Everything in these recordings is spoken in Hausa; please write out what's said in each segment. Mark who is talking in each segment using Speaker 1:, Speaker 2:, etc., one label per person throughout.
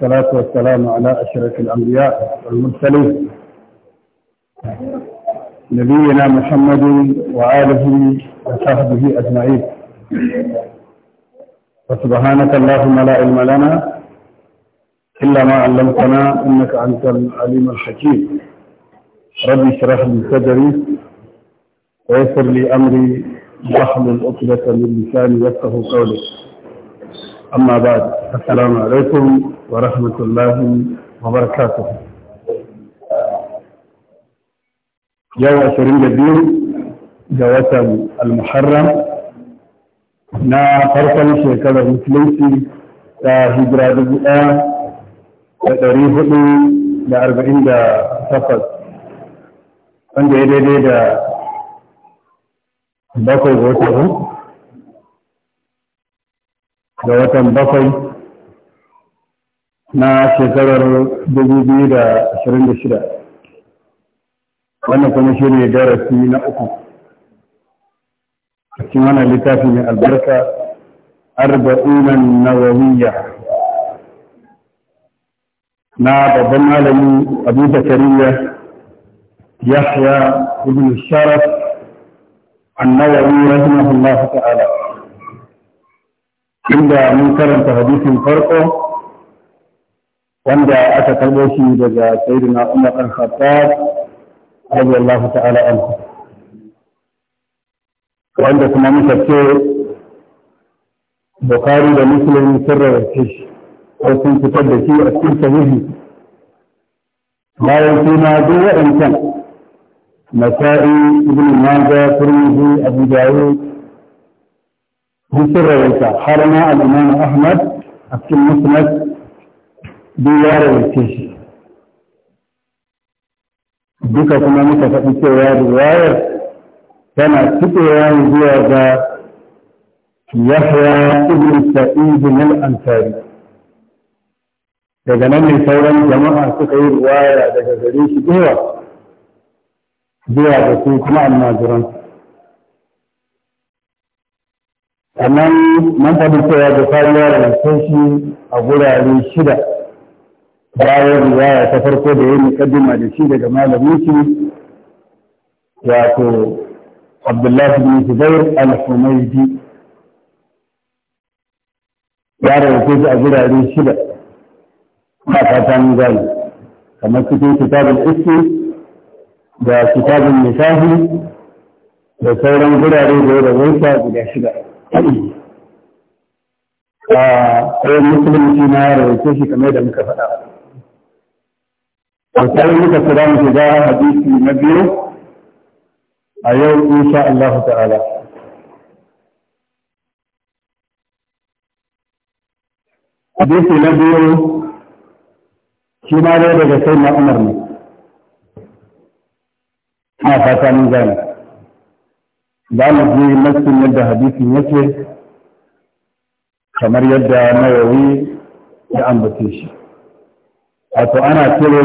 Speaker 1: والصلاة والسلام على أشرف الأنبياء والمرسلين نبينا محمد وآله وصحبه أجمعين وسبحانك اللهم لا علم لنا إلا ما علمتنا إنك أنت العليم الحكيم ربي اشرح لي صدري ويسر لي أمري واحلل عقدة من لساني يفقه قولي أما بعد السلام عليكم ورحمة الله وبركاته يا أسرين جديد جواتا المحرم نا فرقا شكرا مثلتي تا هجرة دبئة تدريه لي دا أربعين دا سفر عندي إيدي دا باكو غوتهم ga watan bakwai na shekarar dubu biyu da ashirin da shida wannan kuma shi ne darasi na uku a cikin wannan littafi mai albarka arba'unan nawawiyya na babban malami abu zakariya yahya ibn sharaf annawawi rahimahullahu ta'ala inda mun karanta hadisin farko wanda aka karbo shi daga sayyidina Umar al-Khattab radiyallahu ta'ala anhu wanda kuma muka ce Bukhari da Muslim sun rawaita shi ko sun fitar da shi a cikin sahihi bayan suna duk waɗancan Nasa'i ibn Majah Tirmidhi Abu Dawud هم سر ويتا خارنا الإمام أحمد أكتم مسند بيار ويتيش بيكا كما ميكا فأنت ويار ويار كان أكتب ويار يحيى ابن سعيد من الأنصار daga nan ne sauran jama'a suka yi ruwaya daga gare shi zuwa zuwa da su kuma annajiransu sannan mun faɗi cewa da fariya da shi a gurare shida bayan riwaya ta farko da ya mukaddima da shi daga malamin shi wato Abdullahi bin Zubair al-Humaydi ya rarrafe shi a gurare shida ba fatan gani kamar cikin kitabul iski da kitabin nisahi da sauran gurare da ya rawaita guda shida a tsayin musulunci na ke shi kamar da muka faɗa a tsayin muka kira mu shiga hadisi na biyu a yau insha Allah ta'ala hadisi na biyu shi na daga sai na umar ne na fata mun gane za mu je nassin yadda hadisin yake kamar yadda nawawi ya ambace shi wato ana cire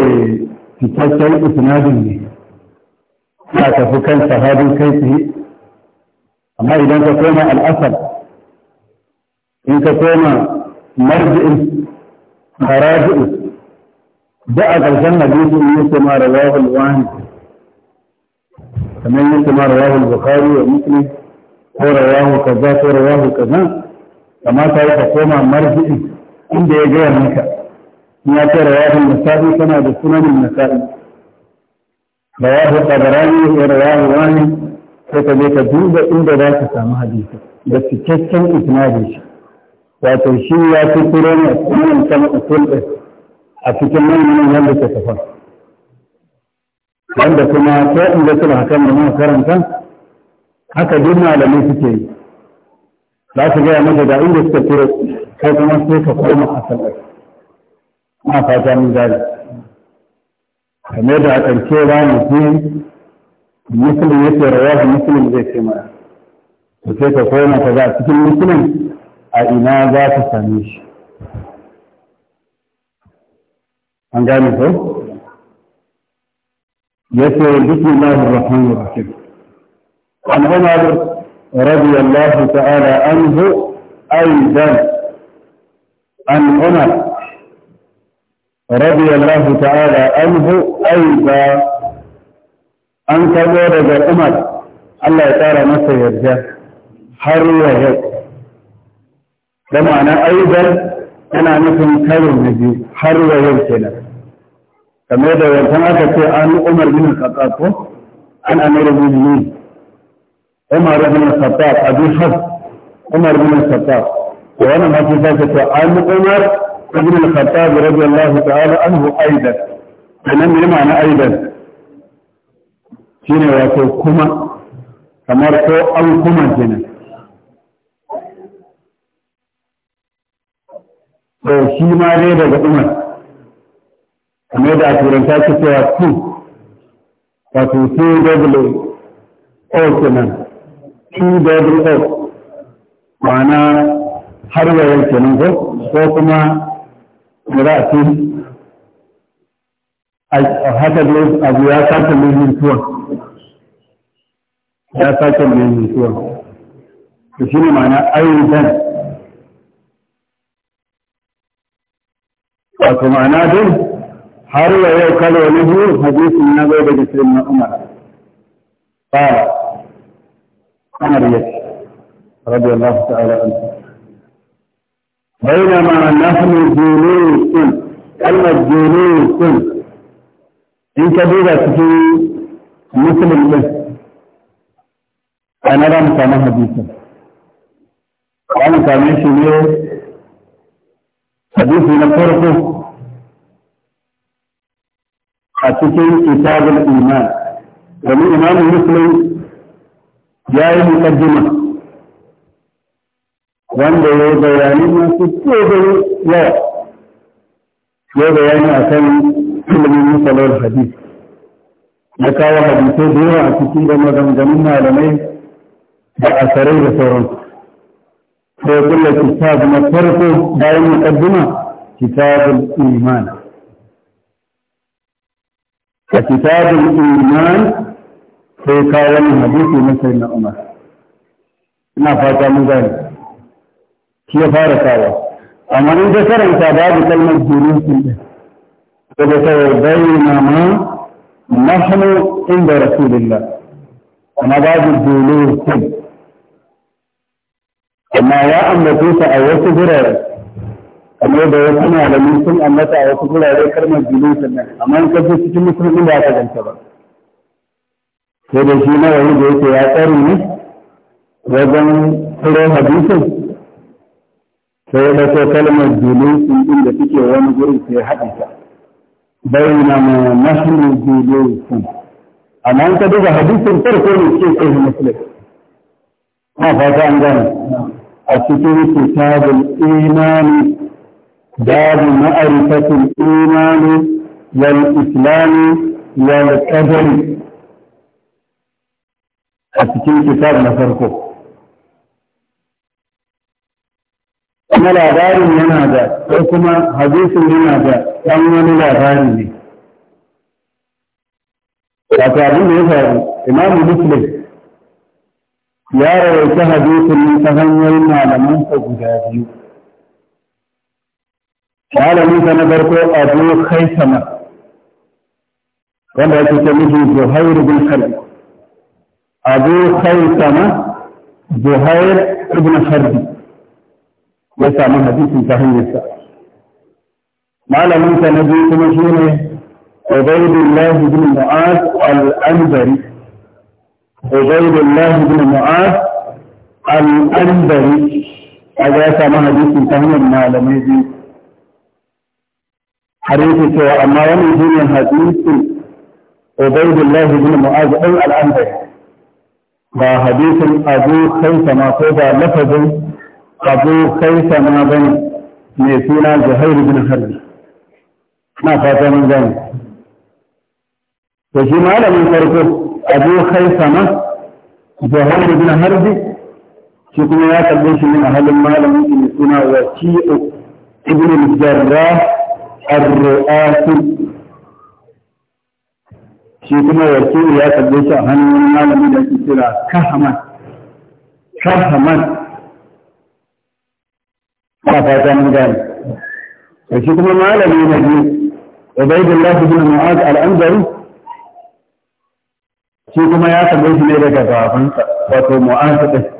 Speaker 1: cikakken isnadin ne ka tafi kan sahabin kai tsaye amma idan ka koma al'asar in ka koma marji'in maraji'in da a ƙarshen hadisin yake mara rawahul wahid كمان مثل ما رواه البخاري ومسلم هو رواه كذا هو رواه كذا كما تعرف صوم مرجع إيه؟ عند يجي منك ما في رواه المسائي كما بسنن المسائي رواه الطبراني هو رواه واني فكذلك دوب عند ذاك سام حديث بس كتن اسناده واتو شيء في كثيرون اسنن كما اصول بس اكيد من من يملك التفاصيل wanda kuma ko in ga suna hakan da muka karanta haka duk malamai suke yi za su gaya maka da inda suka turo kai kuma sai ka koma a sallar na fata mun gane kamar da a ƙarshe ba mutum musulun yake rawahu musulun zai ce mana to sai ka koma ka ga cikin musulun a ina za ka same shi an gane ko يسير بسم الله الرحمن الرحيم عن عمر رضي الله تعالى عنه أيضا عن عمر رضي الله تعالى عنه أيضا أن تبارد عمر الله تعالى ما سيرجع حريه ده أيضا أنا مثل كلمة دي حريه كده kamar da wancan aka ce an umar bin khattab ko an amara bin umar bin khattab abu hafs umar bin khattab to wannan ma sai aka ce an umar bin khattab radiyallahu ta'ala anhu aidan anan ne ma'ana aidan shine wato kuma kamar ko an kuma kenan to shi ma dai daga umar amma da a turanta ke cewa ku wato two o kenan two o ma'ana har wayar kenan ko ko kuma ce a haka da abu ya sake mai mutuwa ya sake mai mutuwa to shi shine ma'ana ayyukan wato ma'ana dai har wa yau karo na biyu hadisin na zo daga sirrin Umar قال رضي الله تعالى عنه بينما نحن جلوس كلمة جلوس إن كبيرة في مثل الله أنا رمت أنا حديثا وأنا كان يشي حديثي نفرقه a cikin kitabul iman domin imam muslim ya yi mukaddima wanda ya yi bayani masu tsohon yawa ya bayani a kan ilimin musalar hadis ya kawo hadisai da yawa a cikin da maganganun malamai da asarai da sauransu sai kulla kitab na farko bayan mukaddima kitabul iman a kitabul iman sai kawo wannan, hadisi na sai na umar ina fata mun gani shi ya fara kawo amma in ka karanta babu kalmar jurusin din saboda kawai bayyana ma nahnu inda rasulillah amma babu jurusin amma ya ambace ta a wasu birane kamar da wasu a wasu gurare amma in cikin musulmi ba ganta ba sai da shi na wani da yake ya tsari ne wajen hadisin sai da ko kalmar da suke wani gurin sai ta na ma amma in ka duba hadisin farko ne musulmi ma fata an gane a cikin kitabul imani باب معرفة الإيمان والإسلام والقدر أتكين كتاب نفرقه kuma labarin yana da ko kuma hadisin yana da ɗan wani labari ne. Wato abin da ya faru, Imamu Muslim ya rawaita hadisin ta hanyar malamansa guda biyu. malamin sa na farko abu khaisama wanda yake ce miji zuhair bin harbi, abu khaisama zuhair ibn harbi ya samu hadisin ta hanyar malamin sa na biyu kuma shine ubaydullah ibn mu'az al-anbari ubaydullah ibn mu'az al-anbari a ya samu hadisin ta hanyar malamai biyu har yake cewa amma wannan shine hadisin Ubaydullah ibn Mu'az ɗan al-Anbari ba hadisin Abu kai sama ko ba lafazin Abu kai Khaisama bane mai suna Zuhair ibn Harbi na fata mun gani to shi malamin farko Abu kai sama Zuhair ibn Harbi shi kuma ya kalli shi ne a halin malamin mai suna Wasi'u ibn al-Jarrah الرؤاس shi kuma wakili ya kalle shi a hannun malami da ake kira kahaman kahaman ba fata mun gane da shi kuma malami na biyu ubaidullah bin mu'az al-anzari shi kuma ya kalle shi ne daga babansa wato mu'az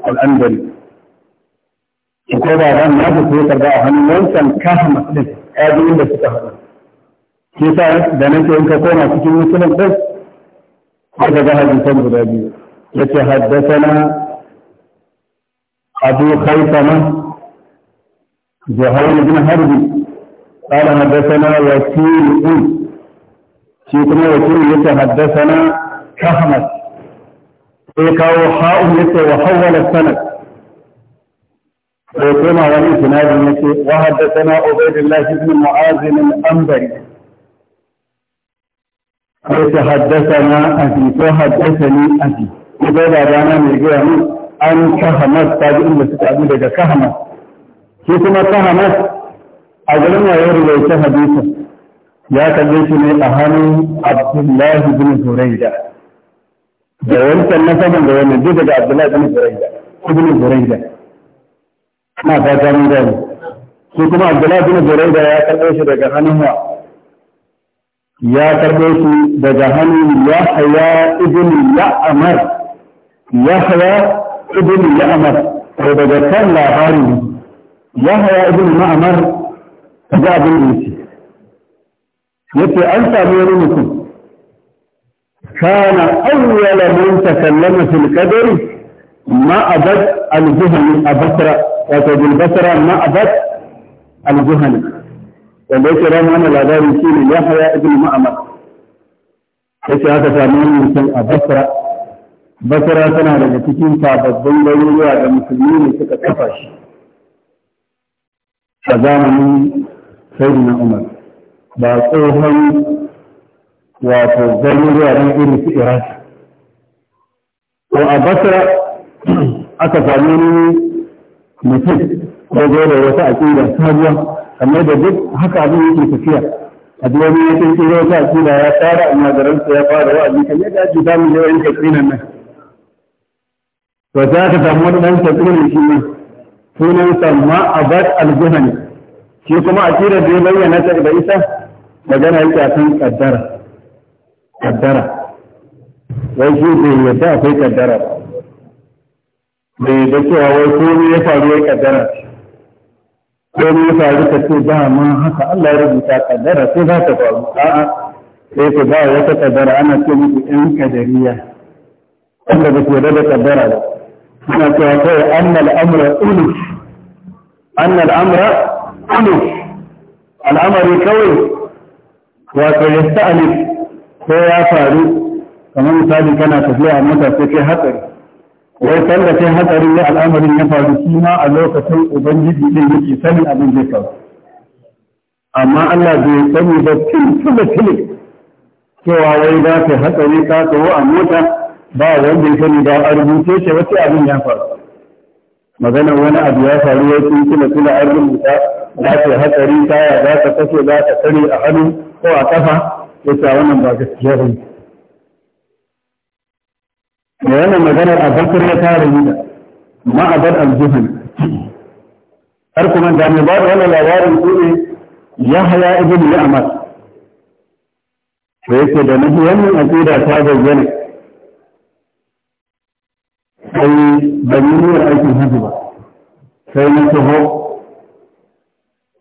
Speaker 1: al-anzari ko da ran na ku sai karba a hannun wancan kafin musulun ayoyin da suka haɗu shi sa da nake in ka koma cikin musulun ɗin
Speaker 2: sai ka ga hadisan
Speaker 1: guda biyu yace haddasana abu khaisama zuhair ibn harbi قال حدثنا وكيل shi kuma وكيل yace haddasana kahmat sai kawo ha'un yace wa hawwala sanad sai kuma wani isnadin yake wa haddathana ubaydullah ibn mu'az al-anbari sai haddathana abi ko haddathani abi ko da dana mai gaya mu an kahamas ta ji inda suka abu daga kahamas shi kuma kahamas a garin ya rubuta hadisi ya kalle shi ne a hannun abdullahi bin zuraida da wancan na saman da wannan duk daga abdullahi bin zuraida ibn zuraida na fata mun gani shi kuma abdullahi bin buraida ya karɓo shi daga hannun wa ya karɓo shi daga hannun yahya ibn ya haya ibn ya'amar, ko daga kan labarin ya yahya ibn ma'mar ga abin da yake yace an sami wani mutum kana awwala man takallama fil qadari ما أبد الجهن البصرة وتو بالبصرة ما أبد الجهن وليس رام أنا لا داري سيني ابن مأمر ليس هذا سامين مثل البصرة بصرة سنة لجتكين فابد بيلي وعد مسلمين لسكة كفاش فزامن سيدنا عمر باقوهن وتو بيلي وعد مسلمين لسكة aka sami mutum ko zo da wata aƙida sabuwa kamar da duk haka abin yake tafiya a duk wani yake tsira wata aƙida ya tsara a nagaransa ya fara wa'azi kan yadda ake samun yawan katsinan nan to sai aka samu wani ɗan katsinan shi ne sunansa ma'abar al-juhani shi kuma aƙidar da ya bayyana ta da isa magana yake a kan kaddara kaddara wai shi bai yadda akwai kaddara ba bai da cewa wai komai ya faru ya kaddara komai ya faru ka ce dama haka Allah ya rubuta kaddara sai za ta faru a'a sai ku ba wata kaddara ana ce muku yan kadariya wanda ba su yarda da kaddara ba ana cewa kawai annal amra ulus annal amra ulus al'amari kawai wato ya sta'alif ko ya faru kamar misali kana tafiya mota sai kai hatsari wai tallace hatsarin ya al'amarin ya faru shi ma a lokacin ubangiji din yake sani abin zai faru amma Allah bai sani ba tun tuna tuni cewa wai za ta hatsari ka tawo a mota ba wanda ya sani ba a rubuce shi wace abin ya faru magana wani abu ya faru wai tun tuna tuna an rubuta za ta hatsari ya za ta kashe za ta kare a hannu ko a kafa ya wannan ba gaskiya ba ne da wannan maganar abubakar ya tare ni da ma'abar al har kuma da mai bada wannan labarin su ne ya haya ya ya'mar da yake da nahi wannan aqida ta bayyana sai bayyana aikin hajji ba sai na taho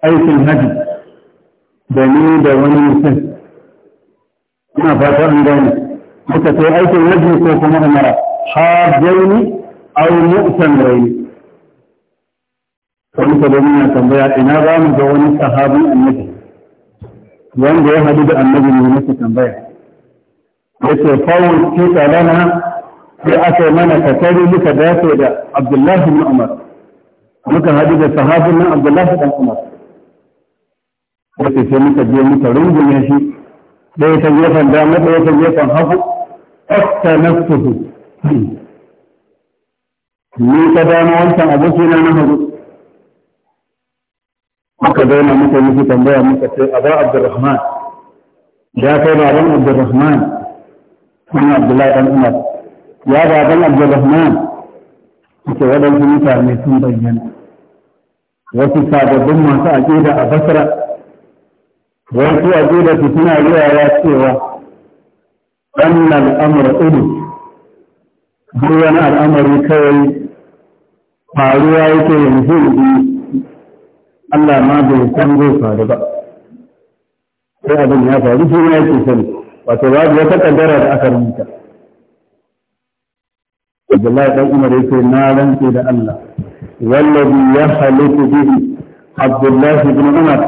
Speaker 1: aikin hajji da ni da wani mutum ina fata an gane suka sai aikin waje ko kuma umara hajjaini aw mu'tamiraini sai muka domin muna tambaya ina za mu ga wani sahabin annabi wanda ya hadu da annabi ne muke tambaya yace fawon ki lana sai aka mana katari muka dace da Abdullahi bin Umar muka hadu da sahabin nan Abdullahi bin Umar wace sai muka je muka rungume shi ɗaya ta gefen dama ɗaya ta gefen hagu اختلفته ni ka dama wancan abokina na hagu muka daina muka yi tambaya muka ce a ba abdurrahman ya kai baban abdurrahman kuma abdullahi dan umar ya baban abdurrahman suke waɗansu mutane sun bayyana wasu sababbin masu aƙida a basra wasu aƙida su suna riwaya cewa Ɗan al'amura ɗin duk wani al'amari kawai faruwa yake yanzu yanzu Allah ma bai san zai faru ba sai abin ya faru shi ne yake sani wato babu wata kaddara da aka rubuta Abdullahi dan Umar yake na rantse da Allah wallazi ya halitu bihi Abdullahi bin Umar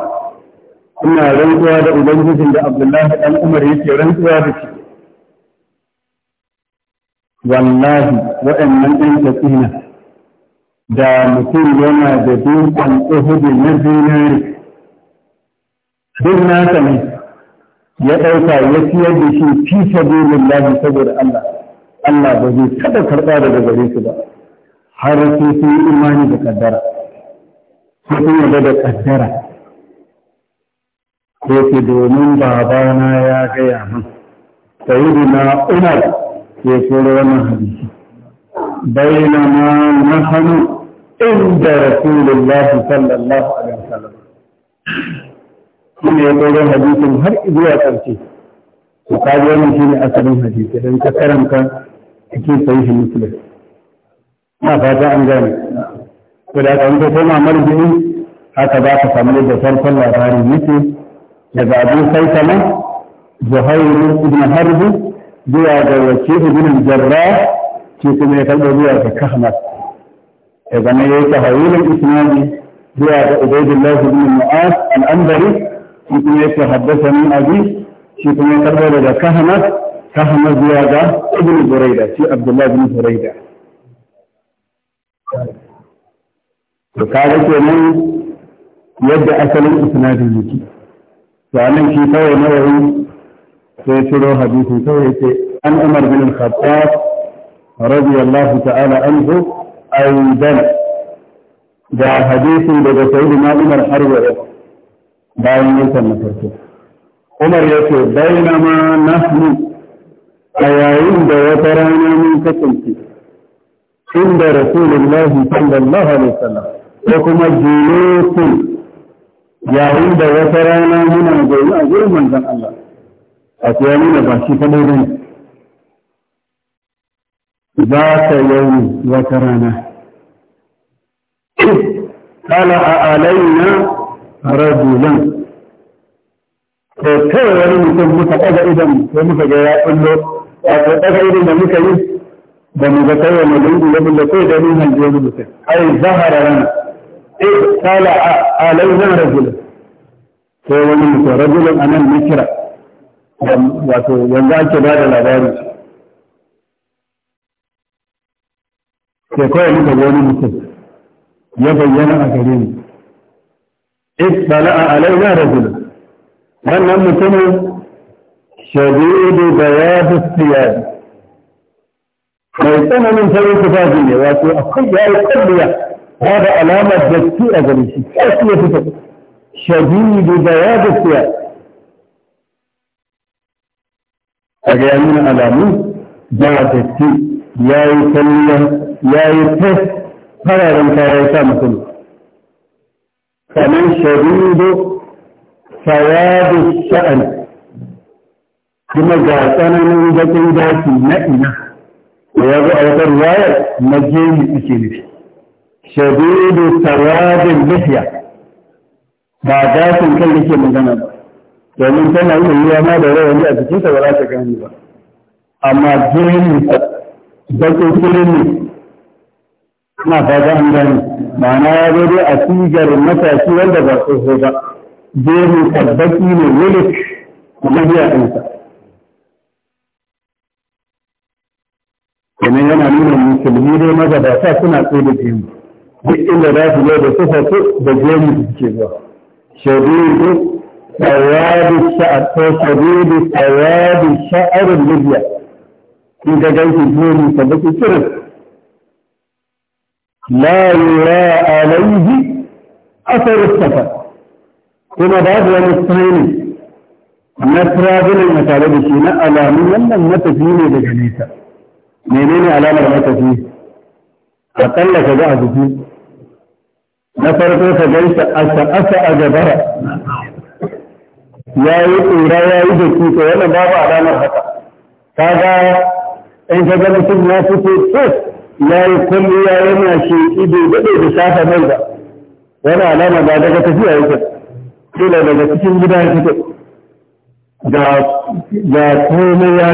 Speaker 1: ina rantsuwa da ubangijin da Abdullahi dan Umar yake rantsuwa da shi wallahi waɗannan ɗan tafiya da mutum yana da dukkan uhudu na zinari duk nasa ne ya ɗauka ya ciyar da shi fi sabilin lahi saboda Allah Allah ba zai taɓa karɓa daga gare su ba har sai sun yi imani da kaddara sai sun yarda da kaddara ko domin babana ya gaya min sayyidina Umar ya koro wannan hadisi na hannu inda rasulullahi sallallahu alaihi wasallam kuma ya koro hadisin har zuwa karshe to kaji wannan shine asalin hadisi don ka karanta da shi muslim ba fata an gane ko da kan ko kuma marjini haka za ka samu da farkon labarin yake daga abin sai Saitama zuhairu ibn Harbi zuwa ga wakil ibn jarra shi kuma ya karɓo zuwa ga kahna ya zama ya yi tahawilin isnadi zuwa ga ubaidin lafi mu'az ma'as al'andari shi kuma ya haddasa min abi shi kuma ya karɓo daga kahna kahna zuwa ga ibn buraida shi abdullahi ibn buraida to kaga kenan yadda asalin isnadin yake to anan shi kawai na nawawi سيشيرو حديث سويتي عن عمر بن الخطاب رضي الله تعالى عنه ايضا جاء حديث بدا سيدنا عمر حروه باين يسمى عمر يقول بينما نحن ايام دوترانا من كتمتي عند رسول الله صلى الله عليه وسلم وكما يا عند وترانا هنا جنوس من الله a kuwa nuna ba shi kadai ba ne za ka yau wata rana kala a alaina rajulan to kai wani mutum muka ɗaga idan ko muka ga ya ɓullo ko ɗaga idan da muka yi da mu ga kai wani lungu ya ɓullo kai da nuhan je mu mutum ai zahara rana eh, kala a alaina rajulan Ko wani mutum rajulan anan na kira wato yanzu ake ba da labari ke kawai muka wani mutum ya bayyana a gare ni isbala a alaina rajul wannan mutumin shadidu da ya dustiya mai tsananin farin tufafi ne wato akwai ya yi kwalliya ba da alamar da a gare shi ya fito shadidu da ya dustiya kaga ya nuna alamu ba datti ya yi kallon ya yi tas fararen kayan sa mutum kamar sharido sawadu sha'an kuma ga tsananin baƙin gashi na ina da ya zo a wata ruwayar na gemi ake nufi sharido sawadin lafiya ba gashin kan da ke magana ba domin tana yi yiwa ma da rawani a jikinta ba za ta gani ba amma jini baƙin ne na fata an gani ma'ana ya zo dai a sigar matashi wanda ba so ba jini tabbaki ne wilik a mahiya ɗinsa kuma yana nuna musulmi dai sa suna tsaye da jini duk inda za su zo da sufa da jini ke zuwa shaidu سواد الشعر أو شديد سواد الشعر الليبيا إن جايت جوني فبك شرب لا يرى عليه أثر السفر كما بعض المستعين نسرى بنا مثال بشينا ألامي لن نتفيني بجنيسة menene alamar matafi akalla ka ga a jiki na farko ka gan shi asa asa ya yi tsira ya yi da to wannan babu alamar haka kaga in ka ga mutum ya fito ko ya yi kulli ya yana shi ido daɗe da shafa mai ba wani alama ba daga tafiya yake kila daga cikin gida ya fito ga komai ya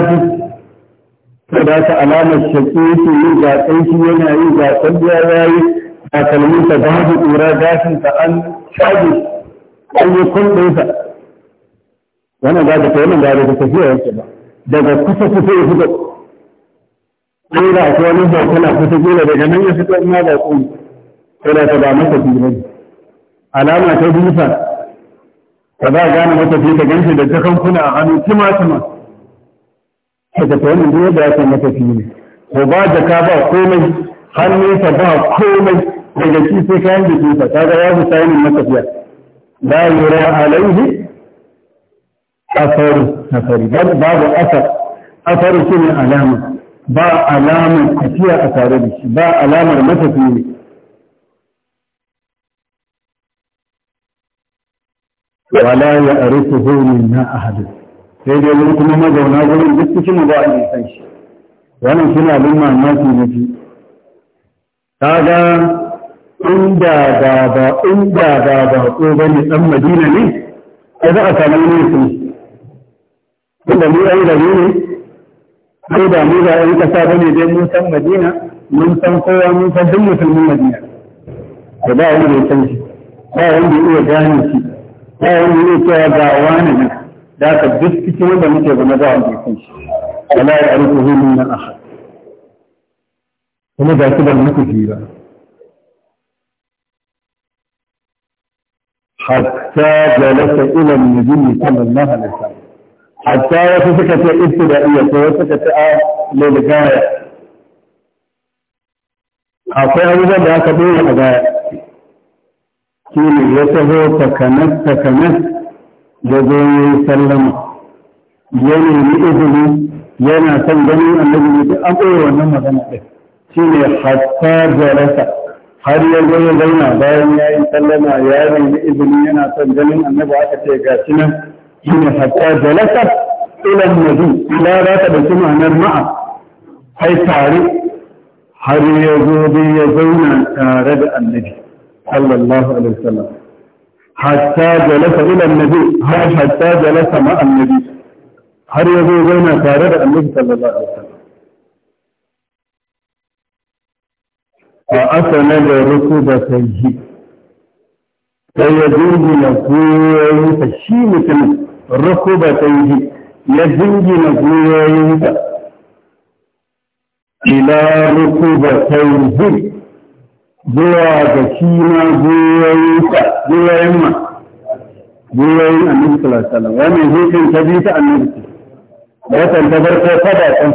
Speaker 1: fi da ta alamar shaƙi yake yi ga ƙanshi yana yi ga ƙwalliya ya yi ga kalminsa babu tsira ta an shaji an yi kundinsa wannan ba da ta wannan ba da tafiya yake ba daga kusa kusa ya fito sai da akwai wani ba kana kusa gora daga nan ya fito ina da kun sai da ta ba masa biyu alama ta bisa ka za gane mata fiye da ganshi da kuna a hannu tuma tuma ka ta wannan duk da ya san mata fiye ne ko ba jaka ba komai hannunsa ba komai daga shi sai kayan jikinsa kaga ya fi sayanin matafiya la yura alaihi asaru na fari babu asar asaru shi ne alama ba alamar tafiya a tare da shi ba alamar matafi ne wala ya arifu hulun na ahadu sai dai wani kuma mazauna wurin duk cikin ba a yi san shi wannan shi na lumma mafi na ji kaga inda ba ba inda ba ba ko ba bane dan madina ne ai za a samu ne sun tunda mu ɗan gari ne ko da mu ba ɗan ƙasa ba ne dai mun san madina mun san kowa mun san duk musulmin madina da ba wanda ya san shi ba wanda ya iya gane shi ba wanda ya cewa ga wani ne da aka duk cikin wanda muke zama ba wanda ya san shi wala ya arifu hulun nan ahad kuma ga su ban muku ji ba حتى جلس إلى النبي صلى الله عليه وسلم hatta wasu suka ce iya ko wasu suka ce a lilgaya akwai abubuwan da aka dora a baya shi ne ya taho takanas takanas da zo sallama ya nemi izini yana son ganin a ne duk an ɓoye wannan magana ɗin shi ne hatta jarasa har ya zo ya zauna bayan ya yi sallama ya nemi izini yana son ganin annabi aka ce ga shi nan حين حتى جلس إلى النبي إلى ذات بيت معنى معه أي تاري حر يزود يزون تارد النبي صلى الله عليه وسلم حتى جلس إلى النبي حتى جلس مع النبي حر يزود يزون تارد النبي صلى الله عليه وسلم وأسنى لركوب سيه فيجوز يقول فشي مثل rukubatayhi ya jingina goyoyinsa ila rukubatayhi zuwa ga shi ma goyoyinsa ma annabi sallallahu alaihi wasallam wannan ta bi ta annabi ya tantabar ko fada kan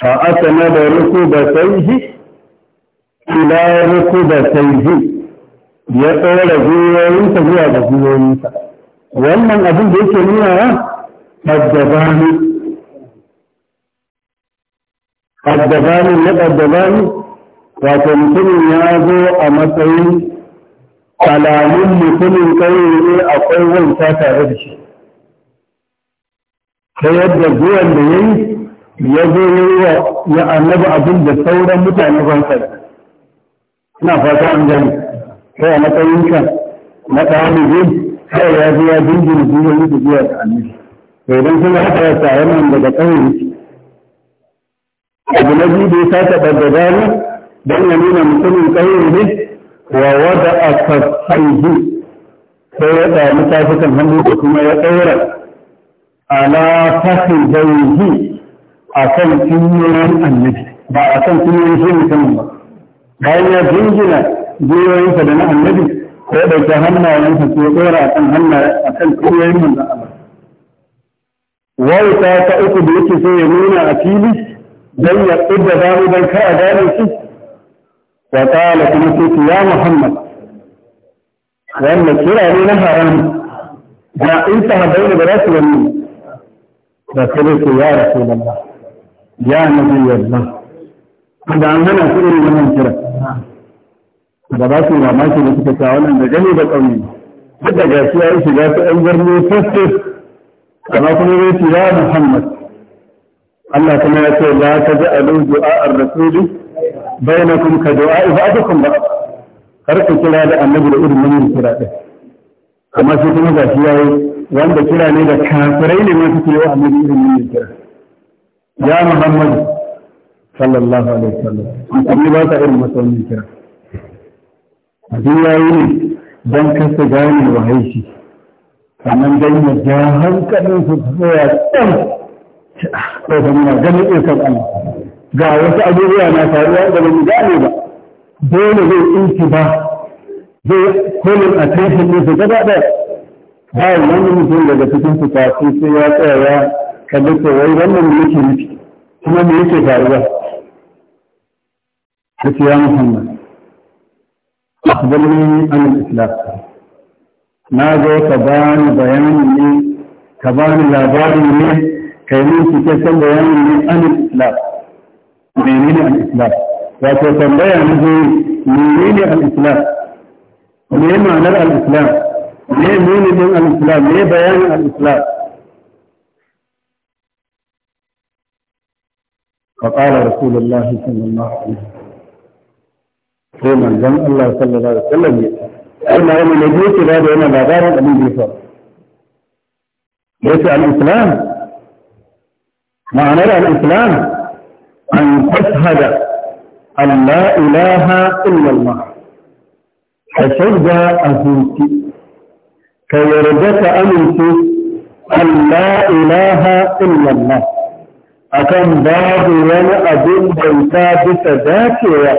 Speaker 1: fa asana da ila ya tsora zuwa ga wannan abin da yake nuna wa ƙaddabani ƙaddabani na ƙaddabani wato mutumin ya zo a matsayin kalamin mutumin ƙauye ne akwai wanta tare da shi ta yadda zuwan da ya yi ya zo ya wa ya annaba abin da sauran mutane ban sa ina fata an gani kai a matsayin ka na ɗalibin kai ya zo ya dingina duniya da zuwa ga annabi to idan kuma haka ya sa wannan daga kauye abu na biyu da ya sake babbada ne don ya nuna mutumin kauye ne wa wada a kafaihi sai ya ɗami tafukan hannu da kuma ya ɗaura ala fahin zauji a kan cinyoyin annabi ba a kan cinyoyin shi mutum ba bayan ya jingina jiyoyinsa da na annabi ko ɗauki hannayensa ko ɗora a kan hannaye a kan kuriyoyin manzan Allah. Wauta ta uku da yake so ya nuna a fili don ya ƙudda gano don kar a gane shi. Wa ƙala kuma ce ya Muhammad. Wanda kira ne na haram ba in sahabbai ne ba za su wani da kada su ya rasu lalla ya nabi yalla. Da an hana su irin wannan kira. da ba su mamaki da suka kawo nan da gani da ƙauni. duk da gashi ya yi shiga ta ɗan birni fasto amma kuma zai ce ya muhammad Allah kuma ya ce la ta ji alu du'a'ar rasuli bainakum ka du'a'i ba'dukum ba Kar ku kira da annabi da irin mun kira din amma sai kuma gashi ya yi wanda kira ne da kafirai ne ma suke wa annabi irin mun kira ya muhammad sallallahu alaihi wasallam annabi ba ta irin masallan kira duk yayi ne don kasa gane wa haishi sannan don ya ja hankalin su tsaya ɗan ah, ko da ga wasu abubuwa na faruwa da ba mu gane ba dole zai tsinci ba zai kolin a tashin nesa gaba ɗaya bayan wani mutum daga cikin su kafin sai ya tsaya ya kalli wai wannan yake nufi kuma me yake faruwa ta ya muhammad أخبرني عن الإسلام ماذا كبان بيان لي كبان لابان لي كيمين تكسل بيان لي عن الإسلام منين عن الإسلام وتتنبيع نجي منين عن الإسلام ليه معنى الإسلام ليه مين عن الإسلام ليه بيان عن الإسلام فقال رسول الله صلى الله عليه وسلم sai manzon Allah sallallahu alaihi wasallam ya ai ma wani ne yake ba da yana labarin abin da ya faru yace al-islam ma'anar al-islam an tashhada an la ilaha illa Allah ka shaida a zuci ka yarda ka amince an la ilaha illa Allah akan babu wani abin bauta bisa dacewa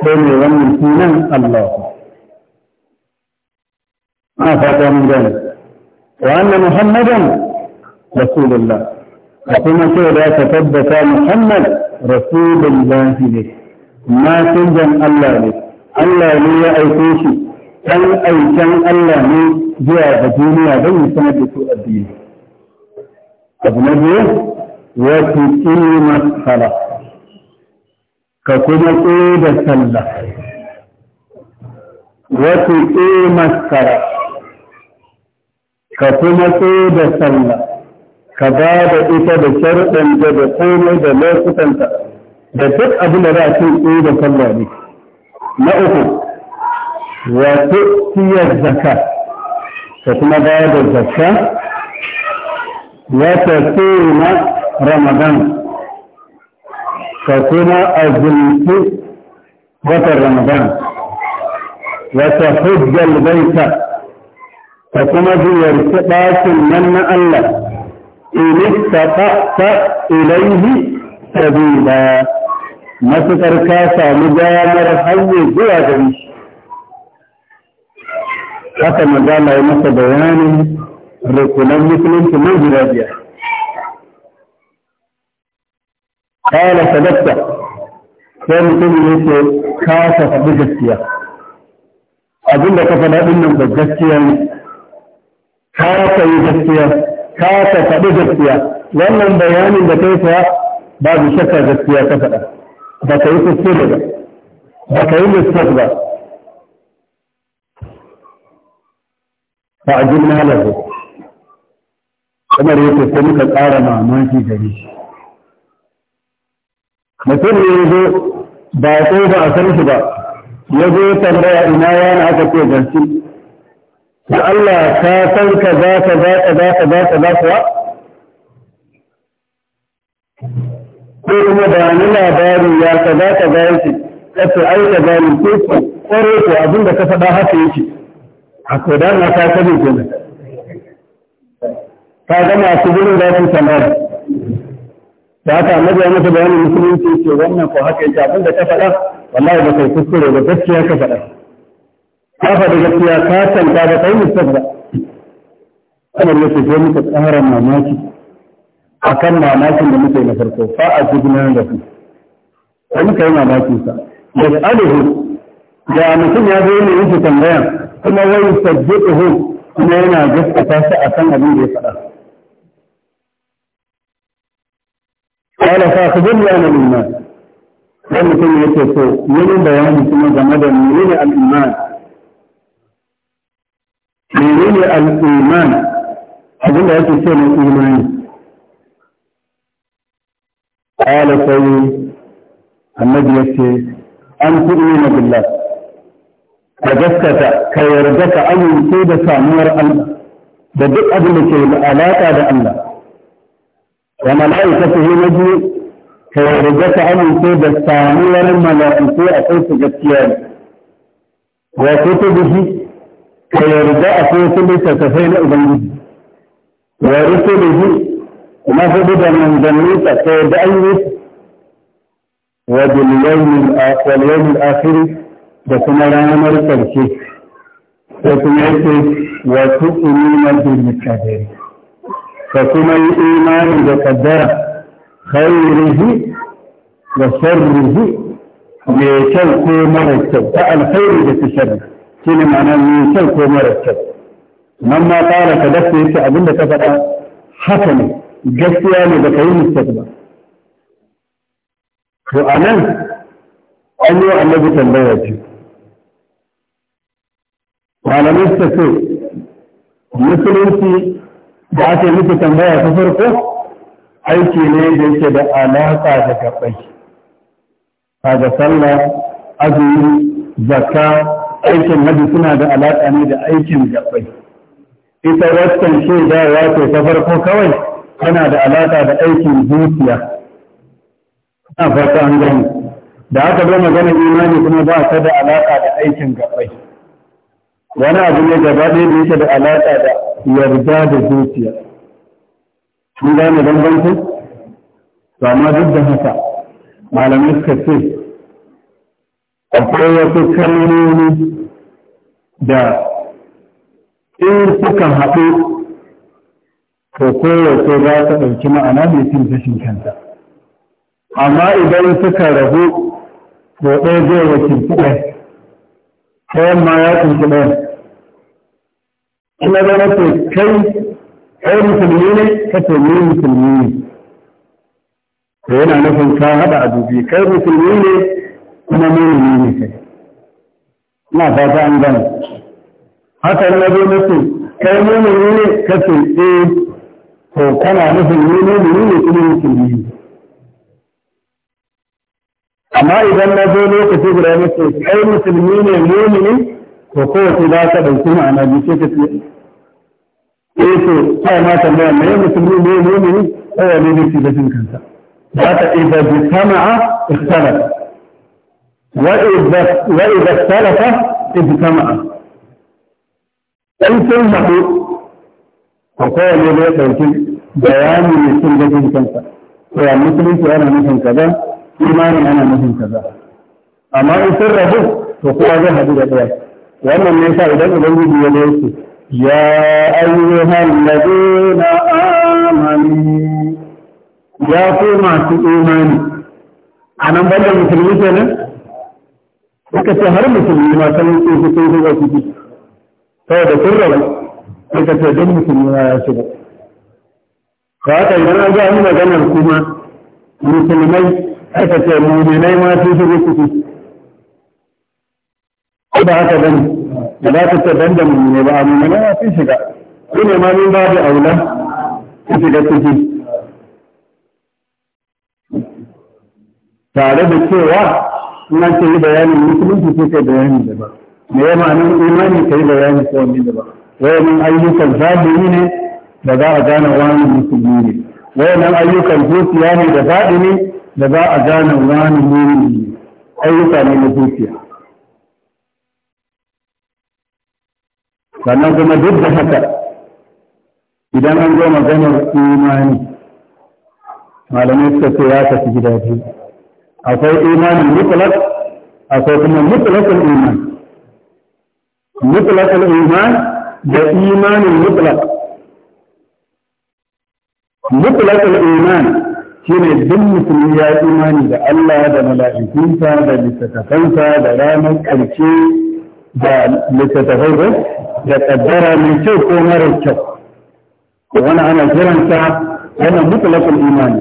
Speaker 1: ko mai wannan sunan Allah ma fata mun gani wa anna muhammadan rasulullah a kuma ce da ka tabbata muhammad rasulullah ne ma jan Allah ne Allah ne ya aiko shi dan aikin Allah ne zuwa ga duniya don yi sanar da su addini abu na biyu wa tuqima salat ka kuma tsaye da sallah wato tsaye maskara? ka kuma tsaye da sallah ka ba da ita da sharɗin da da komai da lokutanta da duk abu da za a ce tsaye da sallah ne na uku wato tiyar zaka ka kuma ba da zaka wata tsere na ramadan ka kuma azumci watan ramadan wa ta hujjal baita ka kuma ziyarci ɗakin nan na Allah in istata ilaihi sabila matuƙar ka samu damar hanyar zuwa gari shi haka magana ya masa bayanin rukunan musulunci nan guda biyar قال سبت كان تقول ليس كاسة بجسية أقول لك فلا إنه بجسية كاسة بجسية كاسة بجسية لأن البيان إذا كيف بعد شكا جسية كفرة بكيف السبب بكيف السبب فعجبنا له أمر يتسلق الآرمى ما في جريش mutum ne ya zo ba a ba a san shi ba ya zo tambaya ina yana aka ce gansu? da Allah ka san ka za ka za ka za ka za ka za ka ko kuma da ni labari ya ka za ka za yake ka ce ai ka gani ko ko kware ko abin da ka faɗa haka yake a ko da na ka sani kenan ka ga masu gurin za su tambaya da haka annabi ya masa bayanin musulunci ce wannan ko haka yake abin da ka faɗa wallahi ba kai kuskure ba gaskiya ka faɗa ka faɗa gaskiya ka tanta da kai ba. kamar yake je muka tsara mamaki akan mamakin da muke na farko fa a nan da su sai muka yi mamakin sa da aluhu da mutum ya zo ne yake tambaya kuma wai sabbihu kuma yana gaskata shi akan abin da ya faɗa ku فاخبرني ana الإيمان sai mutum ya ce so wani bayani kuma game da menene al'iman menene al'iman abin da yake ce na imani ƙala sai annabi ya ce an kuɗi na billah ka gaskata ka yarda ka amince da samuwar Allah da duk abin da ke da alaƙa da Allah وملائكته نجي كيرجك أمنتي بستاني وللملائكة أقيت جتيان وكتبه كيرجع أقيت لتتفين أبنه ورسله وما فبدا من ذنبك كيدأيك وباليوم الآخر واليوم الآخر بكما رانا مركب شيء وكما يقول وتؤمنون بالمكادر فكما الإيمان بقدر خيره وشره ميكل كو مرتب فالخير بتشر كل معنى ميكل كو مرتب مما قال كدفت يسي أبن كفتا حسن جسيا لبكي مستقبل وأنا an yi wa annabi مستقبل مثل malamai da aka yi muku tambaya ta farko aiki ne da yake da alaƙa da gaɓai kaga sallah azumi zakka aikin hajji suna da alaƙa ne da aikin gaɓai ita waccan da wato ta farko kawai tana da alaƙa da aikin zuciya a fata an gani da aka zo magana imani kuma ba ta da alaƙa da aikin gaɓai wani abu ne gaba ɗaya da yake da alaƙa da yarda da zuciya kun gane bambanci to amma duk da haka malamai suka ce akwai wasu kalmomi da in suka haɗu to kowace za ta ɗauki ma'ana mai cin tashin kanta amma idan suka rabu to ɗaya zai wakilci ɗaya ɗayan ma ya kunshi ɗaya kuma zai na ce kai kai musulmi ne ka ce ni musulmi ne to yana nufin ka haɗa a dubi kai musulmi ne kuma mumini ne kai ina fata an gane haka na zo na ce kai mumini ne ka ce eh to kana nufin ni mumini ne kuma musulmi ne amma idan na zo lokaci guda na ce kai musulmi ne mumini to kowace za ka ɗauki ma'ana biyu ce ka ce eh to ta ma tambaya me ya musulmi me ne ne kowa ne ne da jin kansa za ta iza bi a, ikhtalafa wa iza wa iza ikhtalafa ijtama'a Ɗan sun haɗu a kowane ne ya ɗauki bayanin mai da jin kansa kowa musulunci ana nufin kaza imani ana nufin kaza amma in sun rabu to kowa zai haɗu da ɗaya wannan ne sa idan ubangiji ya ne ya ayyuhal ladina amani ya ku masu imani a nan banda musulmi kenan suka ce har musulmi ma san su su sun su ciki saboda sun rabu suka ce don musulmi ma ya shiga Ka haka idan an ga maganar kuma musulmai aka ce muminai ma su shiga ciki ko da haka bane da za ka ce ban da mummune ba a mummune ma sun shiga su ne ma min babu aula sun shiga ciki tare da cewa ina an ce yi bayanin musulunci sai kai bayani da ba me ya ma'anin imani kai bayani ko wani da ba wayannan ayyukan zalimi ne da za a gane wani musulmi ne wayannan ayyukan zuciya ne da zaɗi ne da za a gane wani mummuni ayyuka ne na zuciya sannan kuma duk da haka idan an zo maganar imani
Speaker 2: malamai suka ce ya tafi
Speaker 1: gida biyu akwai imanin mutlaq akwai kuma mutlaqul iman mutlaqul iman da imanin mutlaq mutlaqul iman shine duk musulmi ya imani da Allah da mala'ikunsa da littattafansa da ranar ƙarshe da littattafai ba da kaddara mai kyau ko mara kyau wani ana kiranta yana mutulakul imani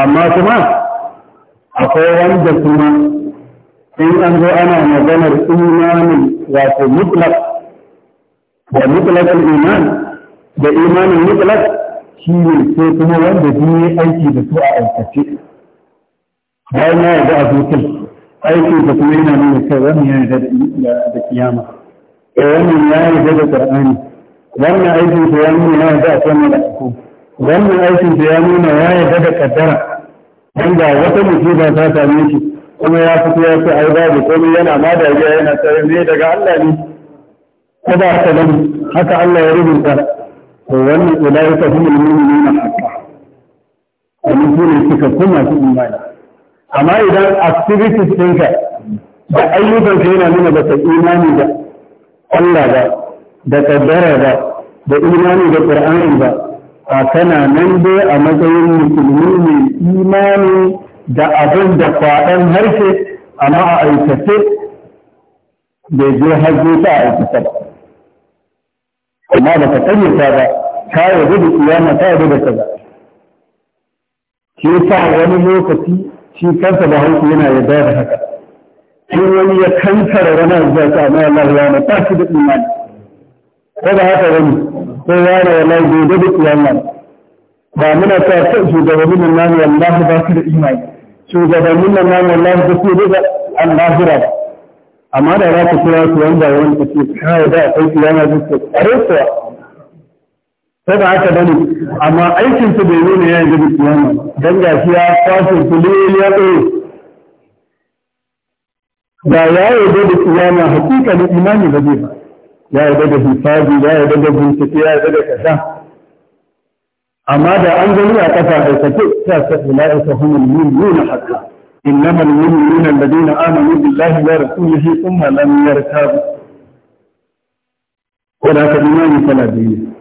Speaker 1: amma kuma akwai wanda kuma in an zo ana maganar imanin wato mutlak da mutlakul iman da imanin mutlak shi ne sai kuma wanda yi aiki da su a aikace bayan ya yarda a zuciyarsa aikin ta kuma yana nuna kai wannan ya yarda da kiyama eh wannan ya yarda da qur'ani wannan aikin ta ya nuna ya yarda da mala'iku wannan aikin ta ya nuna ya yarda da kaddara dan ga wata musiba ta same shi kuma ya fito ya ce ai babu komai yana ma da ya yana tsaye ne daga Allah ne ko ba haka haka Allah ya rubuta to wannan ulaika humul mu'minuna haqqan
Speaker 2: wannan sune suka kuma su
Speaker 1: imani amma idan activities ɗinka da ayyukan ka yana nuna baka imani ba Allah ba da kaddara ba da imani da Qur'ani ba a kana nan dai a matsayin musulmi mai imani da abin da kwaɗan harshe amma a aikace bai je hajji ta a ba amma ba ka ta ba ka yi da kiyama ta da kaza Ki sa wani lokaci shi kansa ba hausa yana yarda da haka in wani ya kankara wani da zai sa mai Allah ya na tashi da imani ko da haka wani ko ya na wallahi bai da kiyama ba muna ta ta shugabannin nan namu wallahi ba su da imani shugabannin nan namu wallahi ba su da Allah ba amma da za ka kira su wanda wani ka ce kawai da akwai kiyama zai ce tsare kuwa sai da haka bane amma aikin su bai nuna ya yi kiyama dan gashi ya kwashe su lele ya tsaye da ya yarda da kiyama hakikalin imani ba zai ba ya yarda da hisabi ya yarda da bincike ya yarda da kaza amma da an gani a kafa aikace ta ta ula'ika humul mu'minuna haqqan إنما المؤمنون الذين آمنوا بالله ورسوله ثم لم يرتابوا ولا كلمة فلا دين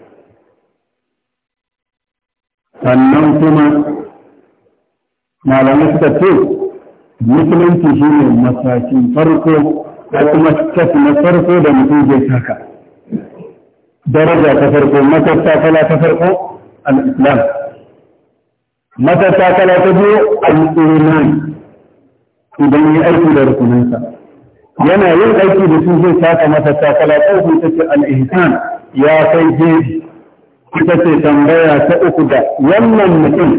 Speaker 1: sannan kuma malamai suka ce musulunci shi ne matakin farko da kuma tafi na farko da mutum zai taka
Speaker 2: daraja ta farko matasta
Speaker 1: kala ta farko al-islam matasta kala ta biyu al-iman idan ya aiki da rukunansa yana yin aiki da su zai taka matasta kala ta biyu ta ce al-ihsan ya kai jeji ita ce tambaya ta uku da wannan mutum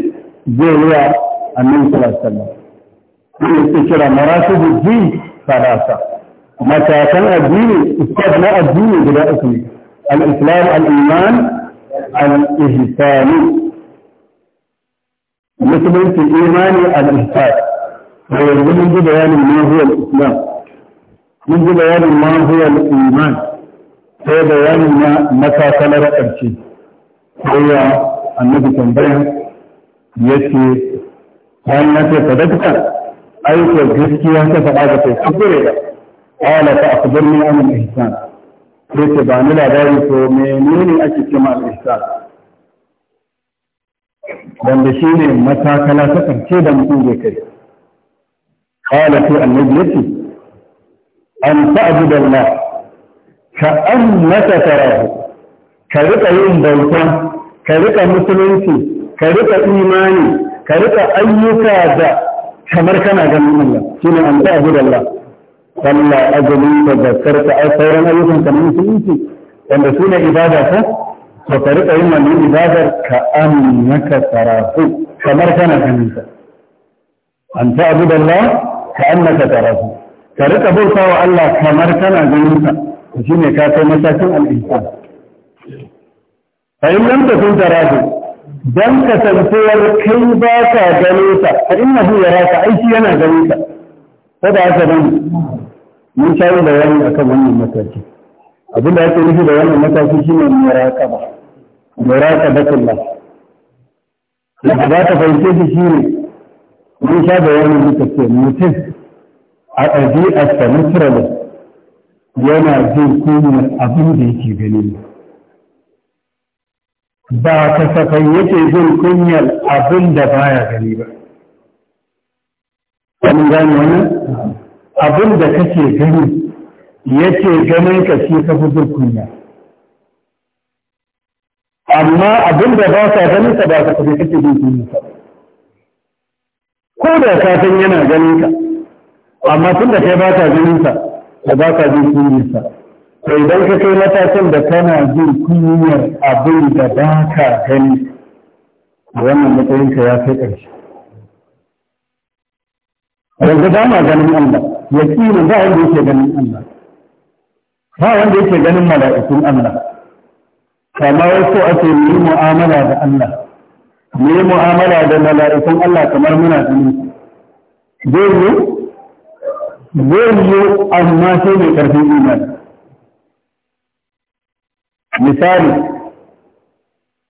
Speaker 1: zai ruwa annabi sallallahu alaihi wasallam yake kira marashidu ji salasa matakan addini ustad na addini guda uku ne al-islam al-iman al-ihsani musulunci imani al-ihsan da yanzu mun ji bayanin ma huwa al-islam mun ji bayanin ma huwa al-iman sai bayanin ma matakalar ƙarshe sai annabi tambaya yace bayan na ce sadaka ai ko gaskiya ta faɗa da kai kubure ba qala fa akhbirni an al-ihsan sai ce ba ni labari ko menene ake cewa al-ihsan wanda shi ne matakala ta karshe da mutum zai kai kala sai annabi ya ce an ta'budu Allah ka annaka tarahu ka rika yin bauta ka rika musulunci ka rika imani ka rika ayyuka da kamar kana ganin Allah ne an ta'abu da Allah Allah azumi da zakar ta sauran ayyukan kamar musulunci wanda su ne ibada ta to ka rika yin wannan ibadar ka ka tarahu kamar kana ganin ka an ta'abu da Allah ka ka tarahu ka rika bautawa Allah kamar kana ganin ka ne ka kai matakin al fa in lam takun tarahu dan kasancewar kai ba ka gano ta fa innahu ka, aiki yana gano ta ko da aka gani mun shayi bayani akan wannan mataki abin da ake nufi da wannan mataki shine muraqaba muraqabatullah da ba ta fahimce shi ne, mun sha bayanin muka ce mutum a ɗabi'arsa mutura yana jin kunyar abin da yake gani ne ba safai yake zai kunyar abin da baya gani ba wani gani wani abin da kake gani yake ganin ka shi ka fi jin kunya amma abin da ba ka gani ka ba ka kake kake zai kunya ko da ka san yana ganin ka amma tun da kai ba ka ganin ka ba ka zai kunya idan ka kai matakin da kana jin kunyar abin da ba ka gani wannan matsayinka ya kai ƙarshe yanzu ba ma ganin Allah ya tsinin ba wanda yake ganin Allah ba wanda yake ganin mala'ikun Allah kama wasu ake yi mu'amala da Allah mu yi mu'amala da mala'ikun Allah kamar muna ganin zai yi zai yi amma sai mai karfin imani misali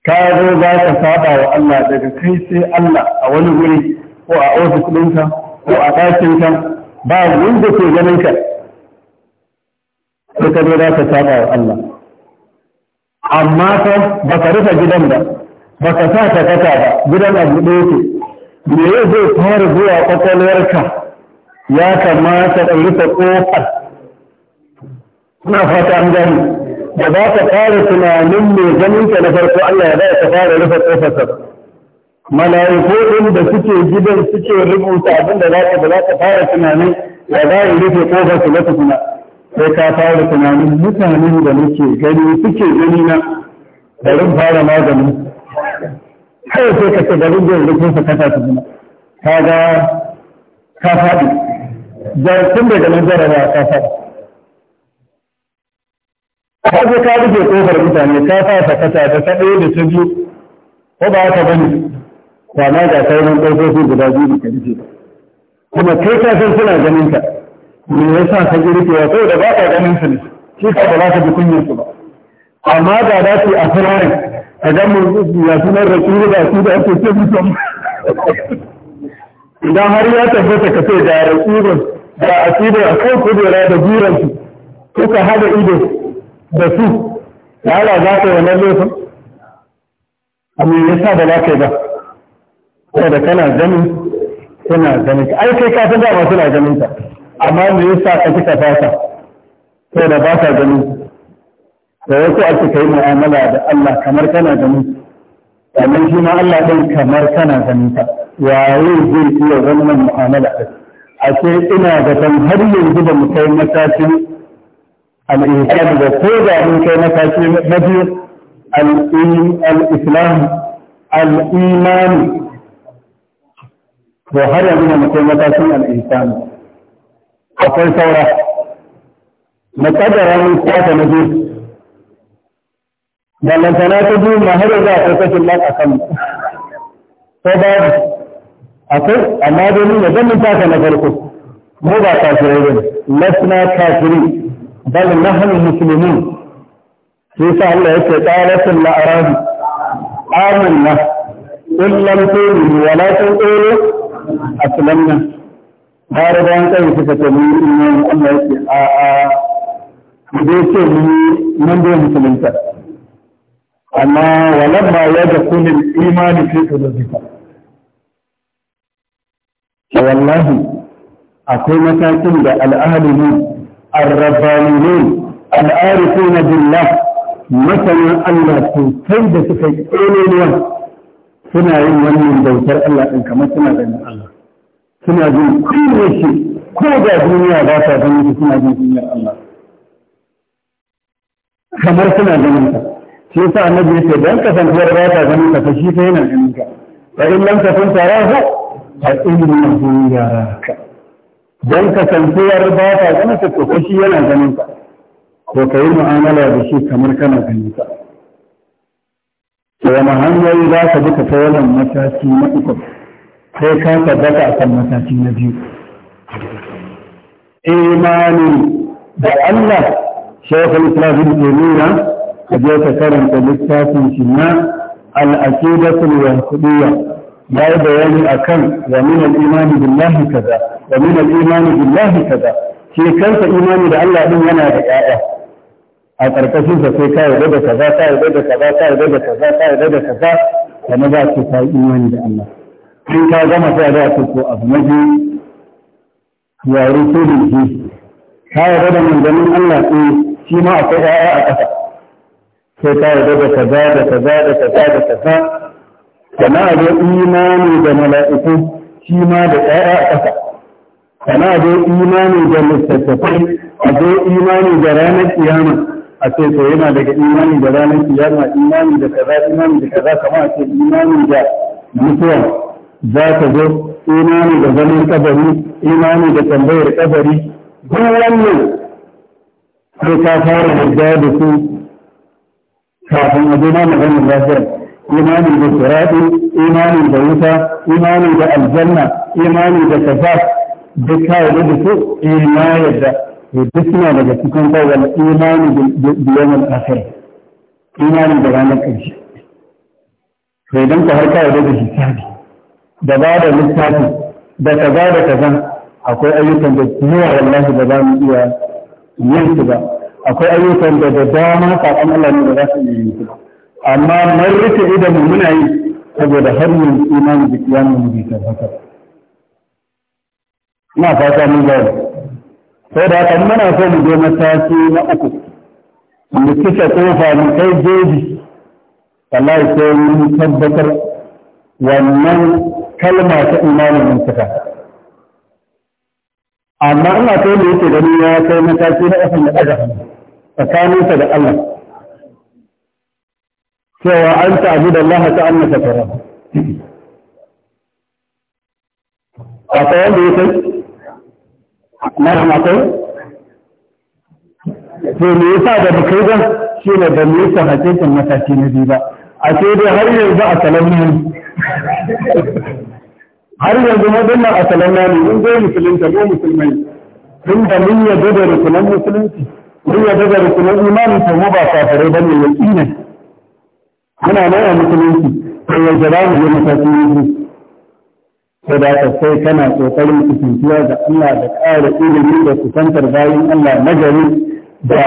Speaker 1: ka zo za ka saba wa Allah daga kai sai Allah a wani wuri ko a ofis ɗinka ko a ɗakinka ba wanda ke ganin ka ka zo za ka saba wa Allah amma ka ba ka rufe gidan ba ba ka sa ta kata ba gidan abu ɗaya ce me zai fara zuwa kwakwalwarka ya kamata in rufe ƙofar ina fata an gani da za ka fara tunanin mai ganin ka na farko Allah ya ba ka fara rufe kofarsa mala'iku din da suke gidan suke rubuta abin da za ka da za ka fara tunanin ya za ka rufe kofar su na tukuna sai ka fara tunanin mutanen da nake gani suke gani na garin fara magani kai sai ka ce garin da rufe sa kasa tukuna ka ga ka faɗi tun da nan jarabawa ka faɗi ka ka rufe kofar mutane ka sa sakata ta ta ɗaya da ta biyu ko ba haka bane kwana ga sauran ƙarfofi guda biyu da ka rufe kuma kai ka san suna ganin ka me yasa ka ji rufewa saboda ba ka ganin su ne shi ka ba za ka bi kunyar su ba amma da za su a firarin a ga mu ya da rakiru da su da ake ce mutum idan har ya tabbata ka sai da rakirun da asibar a kan kudura da buransu ka hada ido da su ala za ka yi wannan lokacin abin ya sa da za ka yi ba kana ganin suna ganin ka ai kai kafin dama suna ganin ka amma me yasa ka kika fata da ba ka ganin da wasu ake kai mu'amala da Allah kamar kana ganin amma shi ma Allah ɗin kamar kana ganin ka waye zai iya wannan mu'amala a ce ina zaton har yanzu ba mu kai matakin الإنسان إذا كودع من كي نفاتي مدير الإسلام الإيمان وهر من كي نفاتي الإنسان أقول ثورة
Speaker 2: متدر من كي مدير
Speaker 1: بل أنت لا ما هر إذا أقول الله أكمل فبعد أقول أما دوني نجم من كي مدير مو باكاسرين لسنا كافرين بل نحن المسلمون في الله يتعالك إلا أراضي آمنا إن لم تؤمن ولا تؤمن أسلمنا هذا أنت يتفى تبين إن الله يتعالك
Speaker 2: بديت لي من دون
Speaker 1: مسلمك أما ولما يدخل الإيمان في قلوبك والله أقيمتك لألأهل منه الربانيون العارفون بالله مثلا الله سوسي da suka yi ƙololuwa suna yin wannan bautar Allah ɗin kamar suna ganin Allah suna jin kowace ko da duniya ba ta ganin su suna jin kunyar Allah kamar suna ganin ka shi yasa annabi yake dan kasancewar ba ta ganin ka shi ta yana ganin ka fa in lam takun tarahu fa innahu yaraka don kasancewar ba ta ganin ka to shi yana ganinka, to ka yi mu'amala da shi kamar kana ganinka. ka to wani hanyoyi za ka bi ka ta wannan mataki na uku sai ka tabbata a kan mataki na biyu imani da Allah shekul islam ibn taymiya ka je ka karanta littafin shi na al-aqidatul wahidiyya ya yi bayani a kan wa min al'imani billahi kaza wa min al'imani billahi kaza Ke kansa imani da Allah din yana da ƴaƴa a ƙarƙashin sa sai ka yarda da kaza ka yarda da kaza ka yarda da kaza ka yarda da kaza kana za ka ta imani da Allah in ka gama sai za ka ko abu na biyu ya rusulun shi ka yarda da manzannin Allah ɗin eh, shi ma akwai ƴaƴa a ƙasa sai ka yarda da kaza da kaza da kaza da kaza kana da imani da mala'iku shi ma da ƴaƴa a ƙasa kana da imani da littattafai a zo imani da ranar kiyama a ce to yana daga imani da ranar kiyama imani da kaza imani da kaza kamar a ce imani da mutuwa za ta zo imani da zaman kabari imani da tambayar kabari duk wannan sai ka fara da su kafin a zo na maganar lafiyar imani da sirati imani da wuta imani da aljanna imani da kaza duk ka yarda da su imani eh, yarda duk suna daga cikin kawai imani da yawan akhir imani da ranar ƙarshe to idan ka har ka yarda da hisabi da ba da littafi da kaza da kaza akwai ayyukan da yawa wallahi da za mu iya yin su ba akwai ayyukan da da dama saƙon Allah ne da za su iya yin su ba amma mun rufe idan mu muna yi saboda har yin imani da kiyamun mu bai tabbata ina fata mun gane saboda kan muna so mu je mataki na uku mu kike kofa mu kai jeji wallahi sai mun tabbatar wannan kalma ta imanin mun cika amma ina so da yake gani ya kai mataki na uku na daga hannu tsakaninsa da Allah سوى أن تعبد الله كأنك تراه أقول بيك مرحبا أقول في ميسا بكيدا شيرا بميسا حتيت المساكي نبيبا أكيد هل يرضى أسلمني هل يرضى ما بلنا أسلماني من دي مسلم تبو مسلمين من دمية دبر كنا مسلمتي من دبر كنا إيمان فمبا صافر بني يلقيني muna nuna musulunci sai ya jira mu je matakin yanzu sai da ka sai kana kokarin kusantuwa ga Allah da ƙara ilimi da kusantar bayan Allah na gari da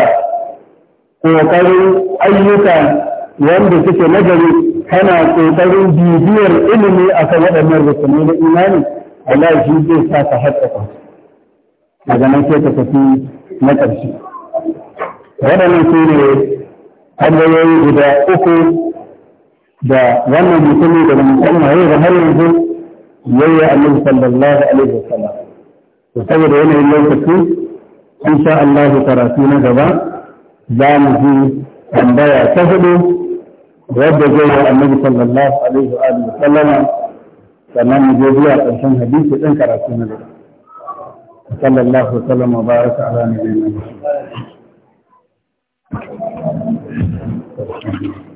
Speaker 1: kokarin ayyuka wanda suke na gari kana kokarin bibiyar ilimi akan waɗannan rukunai na imani Allah shi zai sa ka haƙƙaƙa
Speaker 2: daga nan sai ka tafi
Speaker 1: na ƙarshe waɗannan su ne hanyoyi guda uku da wannan mutumin daga musamman yau da har yanzu yayi annabi sallallahu alaihi wasallam to saboda yanayin lokaci insha Allah karatu na gaba za mu ji tambaya ta hudu wadda zai yi annabi sallallahu alaihi wa alihi wasallam sannan mu je zuwa ƙarshen hadisi ɗin karatu na gaba sallallahu alaihi wasallam wa baraka ala nabiyyina Thank you.